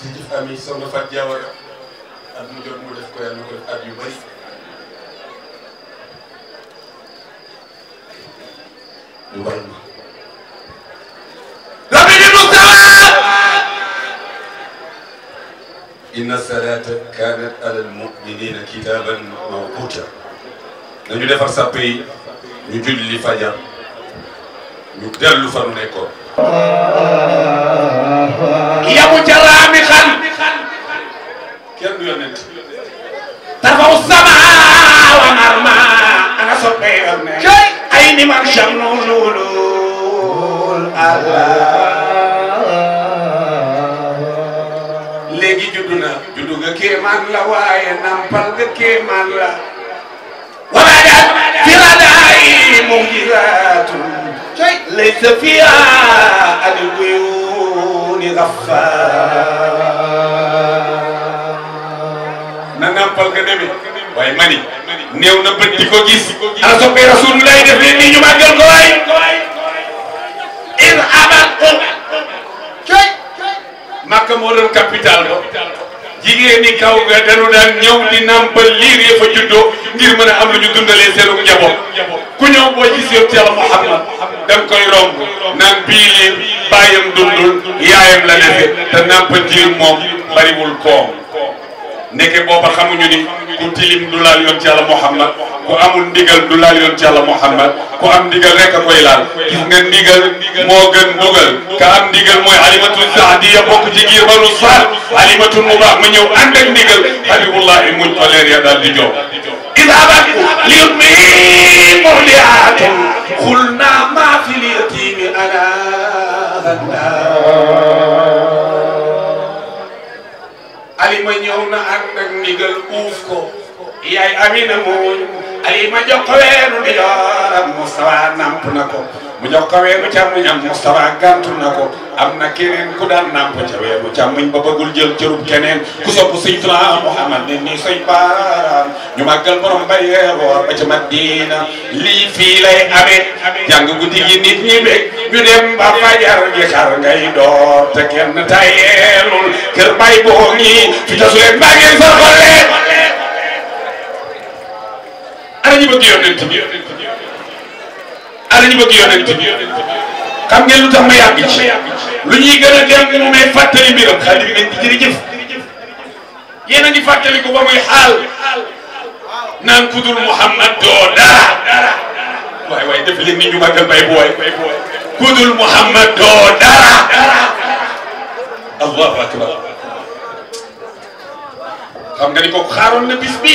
ci jëf ami soxna Fatou Diawara at mu jot mu def ko yàlla na ko def at yu bëri ñu bañ ma inna salata kanat alal muminina kitaban mawquta nañu defar sàpp yi ñu julli fajar ñu dellu fa nu nekkoon yamu jara الكرنين أين من شمل juduna léegi juddu na juddu nga kéemaan la waaye nampal nga kéemaan la walaajal firadaay mujizatu laysa fiha aluyuni gaffaar na nampal nga demee waaye mani néew na bët di gis ana soppee rasulullah def nii ñu màggal ko waay in amal kay Makka moo doon capital ba jigéen kaw ga dañu daan ñëw di nàmpal liir ya fa juddoo ngir a am lu ñu dundalee seenu njaboot ku ñëw boo gis yow Muhammad da koy romb naan bii liir bàyyam dundul yaayam la nefe te nàmpal jiir moom bariwul koom nekke booba xamuñu ni ku tilim du laal yoon ci yàlla Muhammad ku amul ndigal du laal yoon ci yàlla Muhammad ku am ndigal rek a koy laal gis nga ndigal moo gën mbugal ka am ndigal mooy alimatu saadiya bokk ci giir banu mu baax ma ñëw ànd ak ndigal habibullahi muñ fa leer ya daal di jox is uuf ko yaay amina mooñ ali ma jox ko weenu di jooram Moustapha na ko mu jox ko na ko am na keneen ku daan namp ca weenu càmmuñ ba bëggul jël cërub keneen ku sopp sëñ Tuubaa Muhammad ne ni sëñ baaraam ñu màggal borom a yeewoor ba ca Madina lii fii lay amee jàng guddi nit ñi bég ñu dem ba fajar gi xar ngay door te kenn tayeelul kër bay boo ngi fi tasuleen baa ngi sa xollee ana ñu bëgg yonent bi ana ñu bëgg yonent bi xam ngeen lu tax ma yàgg ci lu ñuy gën a dem mu may fàttali mbiram xaalis bi nañ di jërëjëf yéen a ngi fàttali ko ba muy xaal naan kudul Muhammad doo dara waay def leen ni ñu màggal bay bu kudul Muhammad doo dara allahu akbar xam nga ni kooku xaaroon na bis bi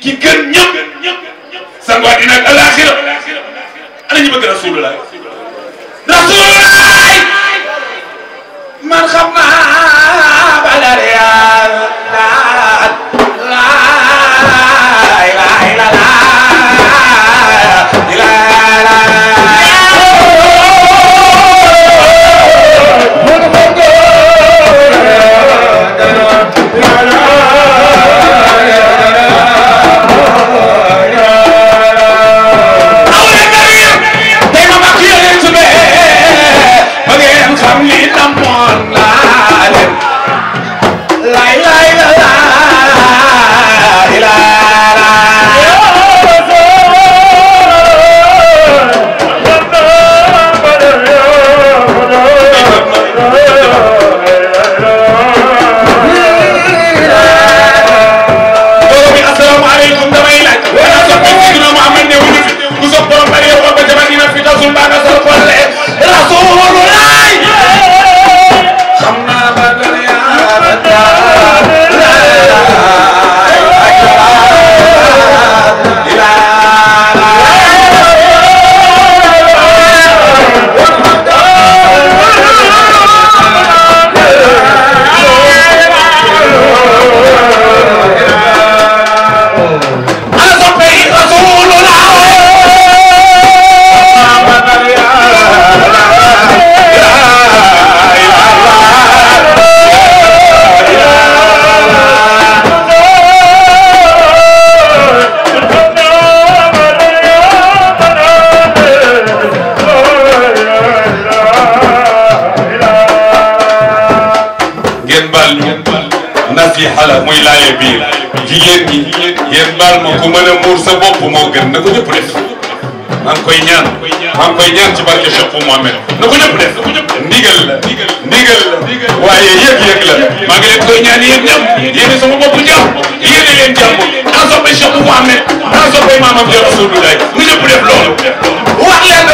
ki gën ñëpp sango àddina ak alaaxira ana ñu bëgg rasulullah rasulullah man xam naa balariyaa ñaan ci barke Cheikh Fou Mohamed na ko ñëpp def ndigal la ndigal la waaye yëg-yëg la maa ngi leen koy ñaan yéen ñam yéen sama bopp jàmm yéene leen jàmm naa soppe Cheikh Fou Mohamed naa soppe maamam Rasulullah ñu ñëpp def loolu wax leen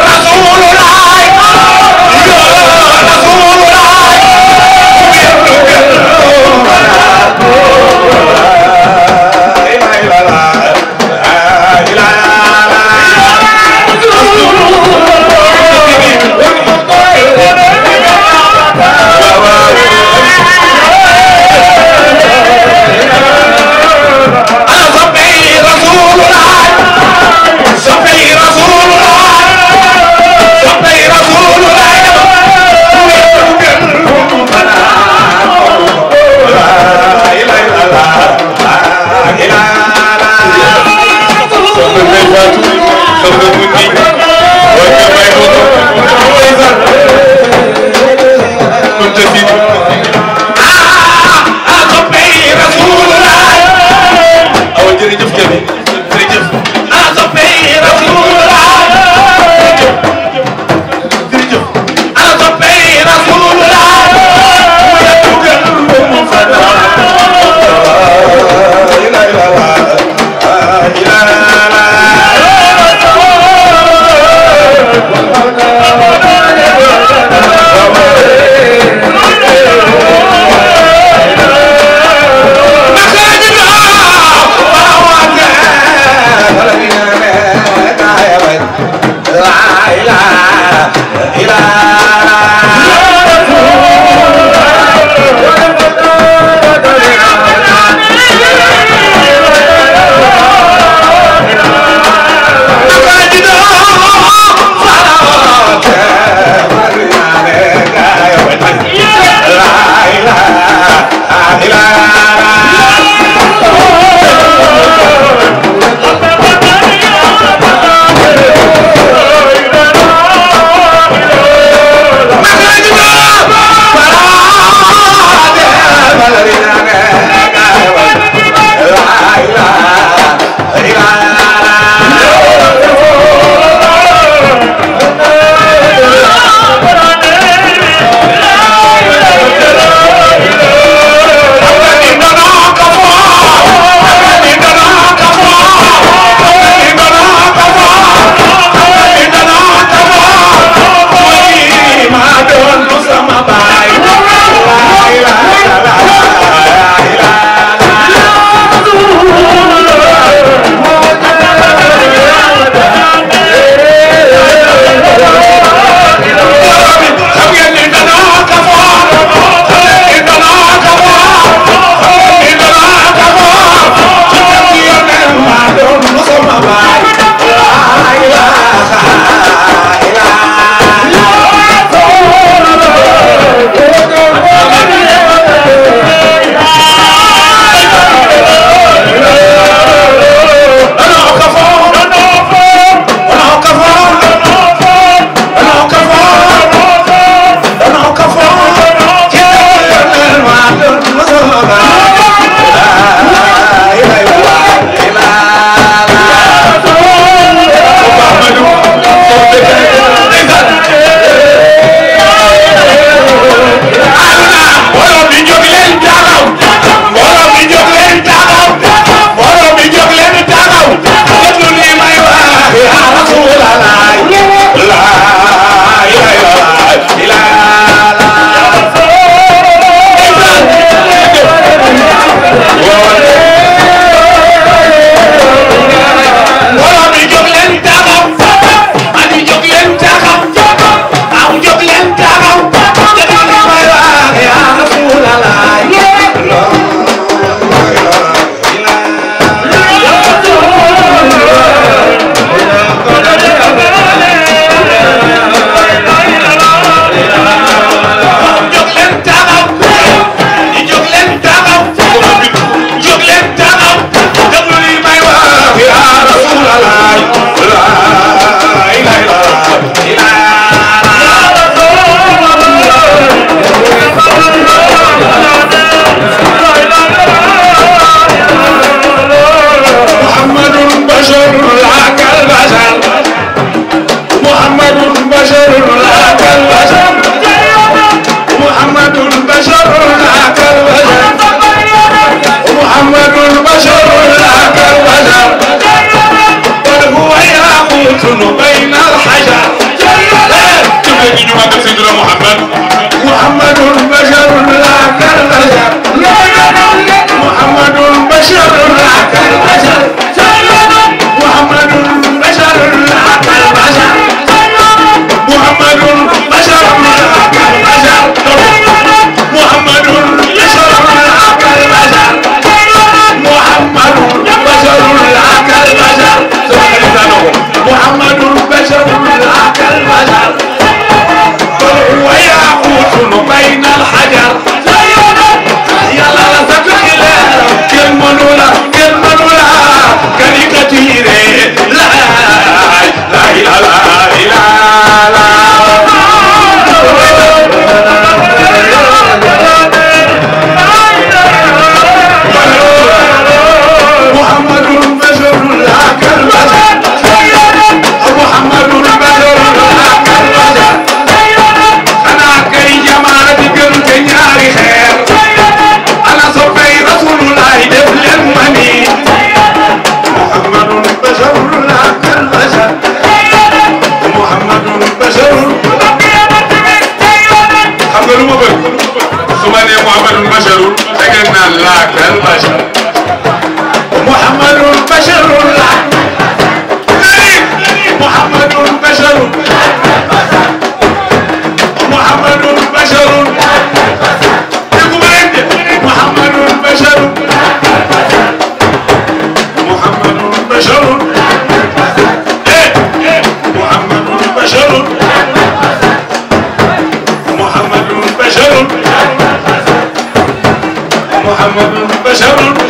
Vamos,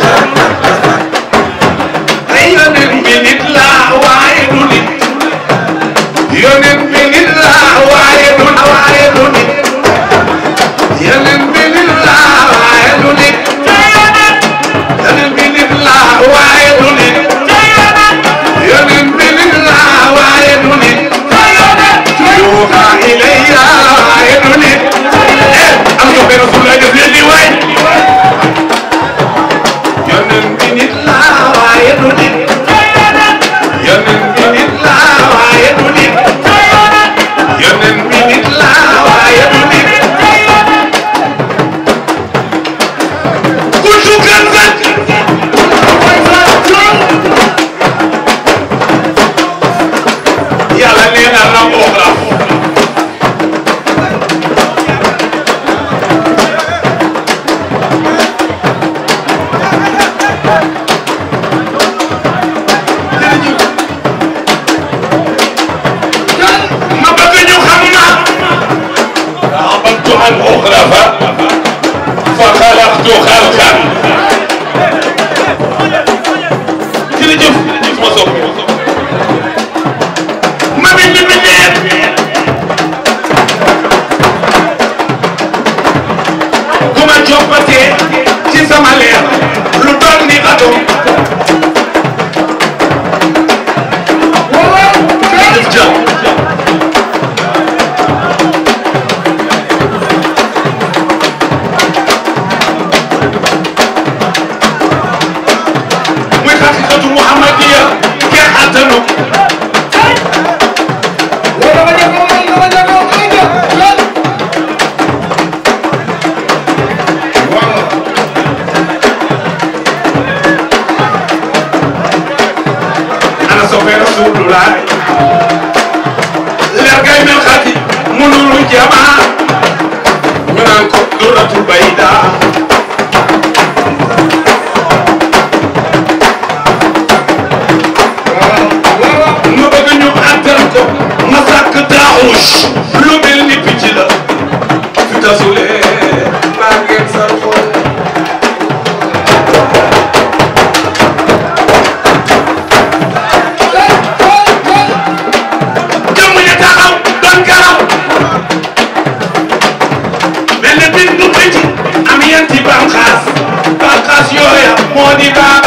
Moniba.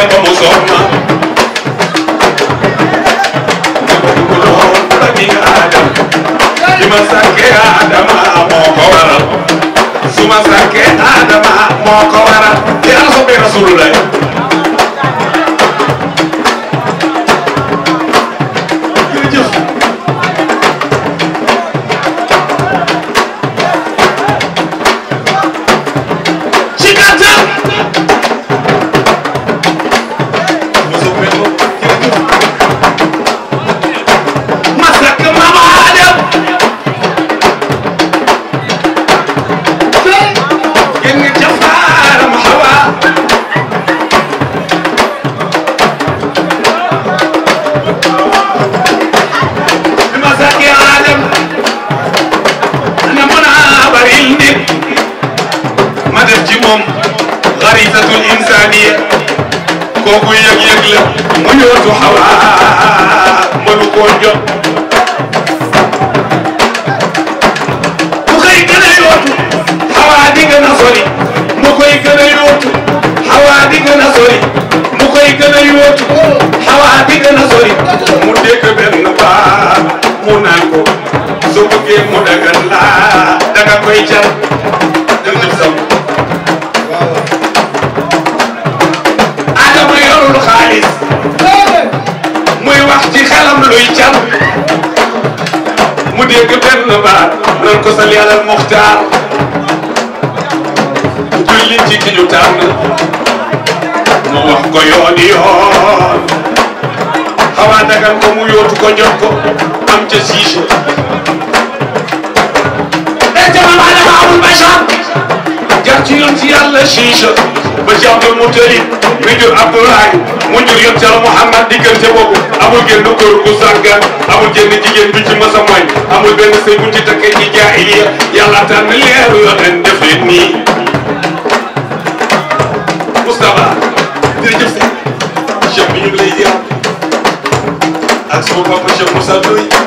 moo ko waral di a rasulullah xawaarisul insaaniya kooku yëg-yëg la mu yootu xawaar mënu koo jot ku koy gën a yootu xawaa di gën a sori mu koy gën a yootu xawaa di gën a sori mu koy gën a yootu xawaa di gën a sori mu dégg benn baat mu naan ko soo bëggee mu dagan laa danga koy jar dëgg sam xelam luy cat mu dégg benn baat nan ko sali alal muxtaar julli ci ki ñu tànn mu wax ko yoon xawaa dagal ko mu yóotu ko jot ko am ca kan ci yoon ci yàlla chiche ba ci Abdul Mutalib mi jur Abdoulaye mu jur yoon ci yàlla Muhammad diggante boobu amul génn góor gu sàggan amul génn jigéen a mooy amul benn sëy bu ci takkee ci jaahiliya yàlla tànn leeru yonen def leen nii Moustapha jërëjëf si cheikh bi ñu ngi lay ziar ak sama papa cheikh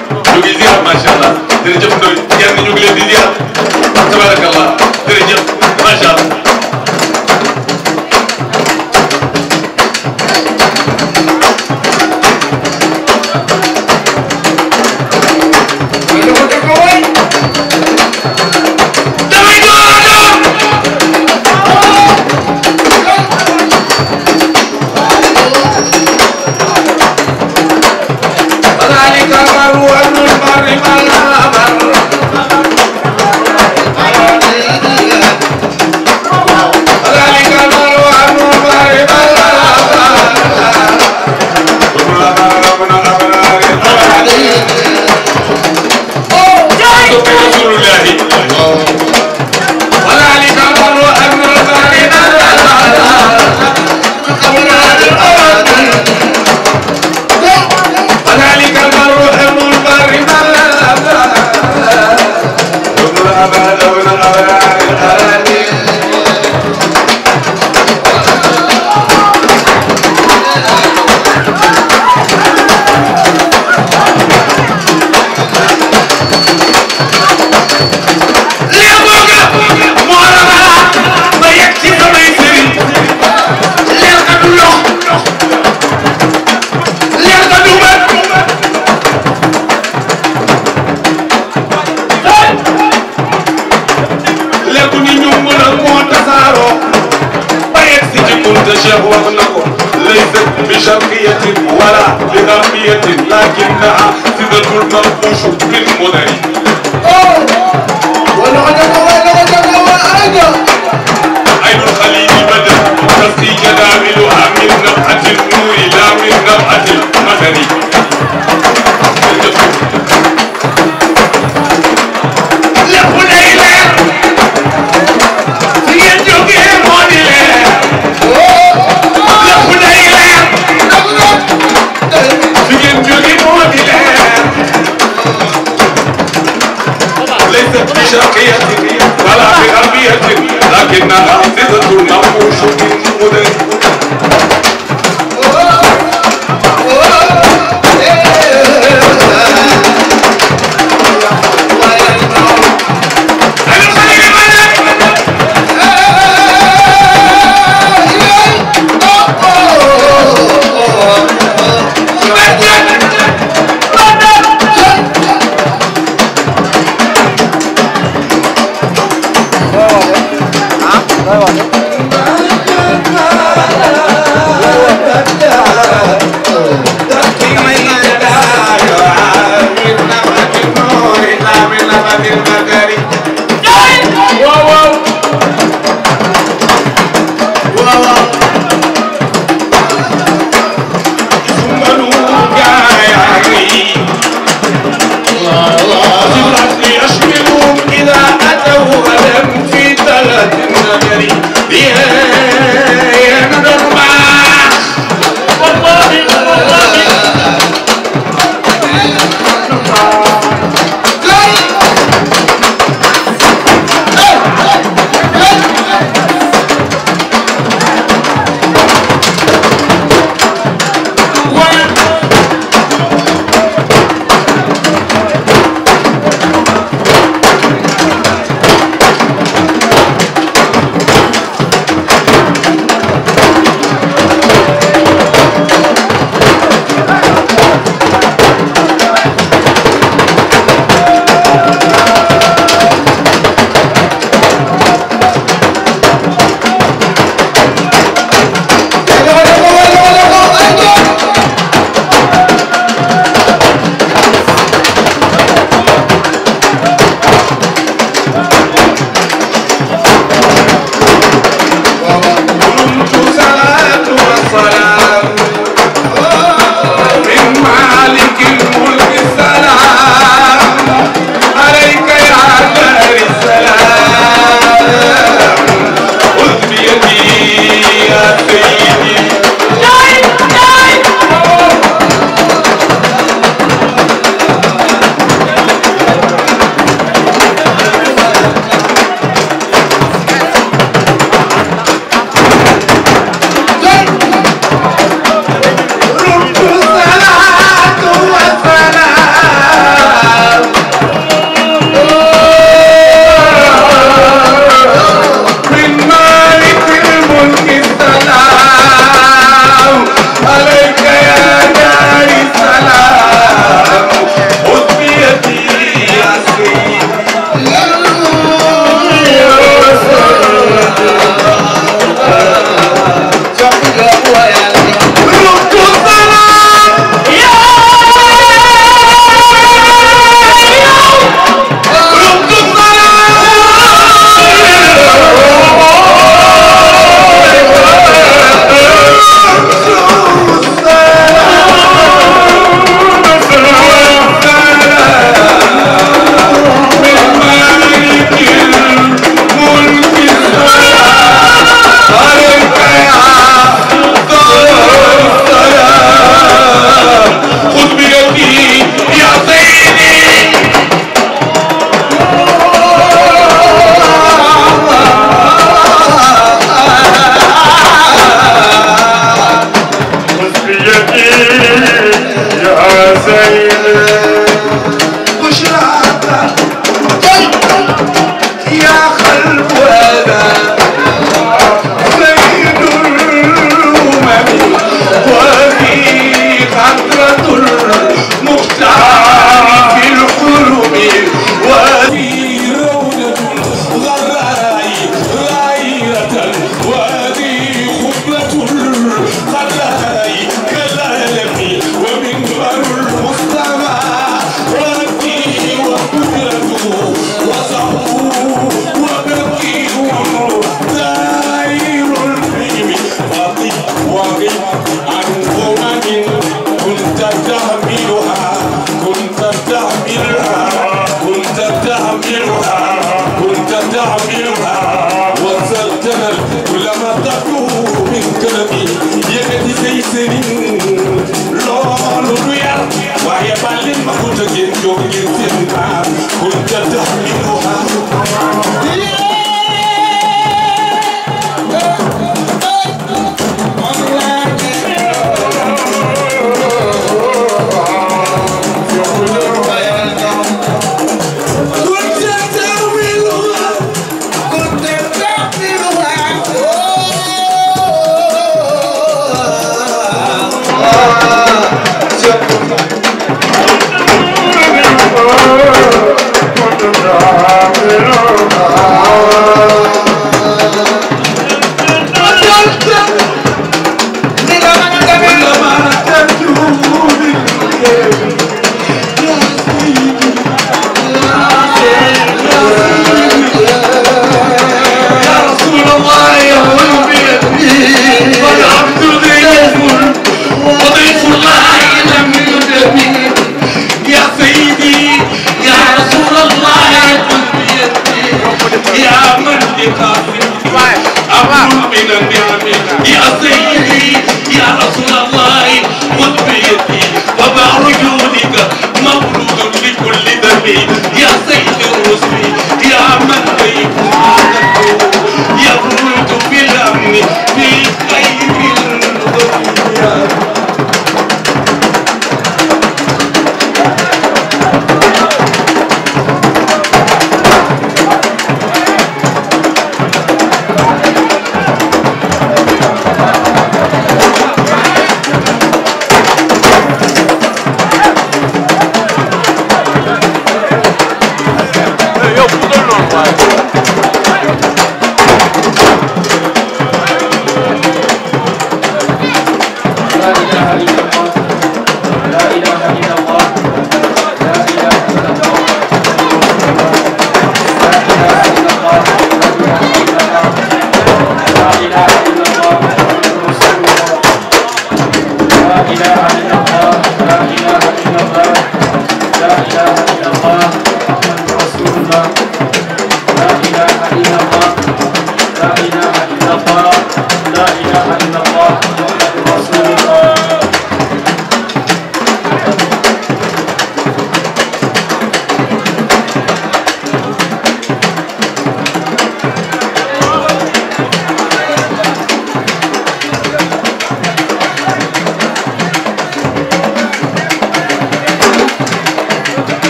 جارو بيت سجن منتشر وغنقو ليست بشرقية ولا بغربية لكنها سدة المنقوش بالمدن عين الخليج بدت تسقي جداملها من نفحة النور Pela do mal, o jogo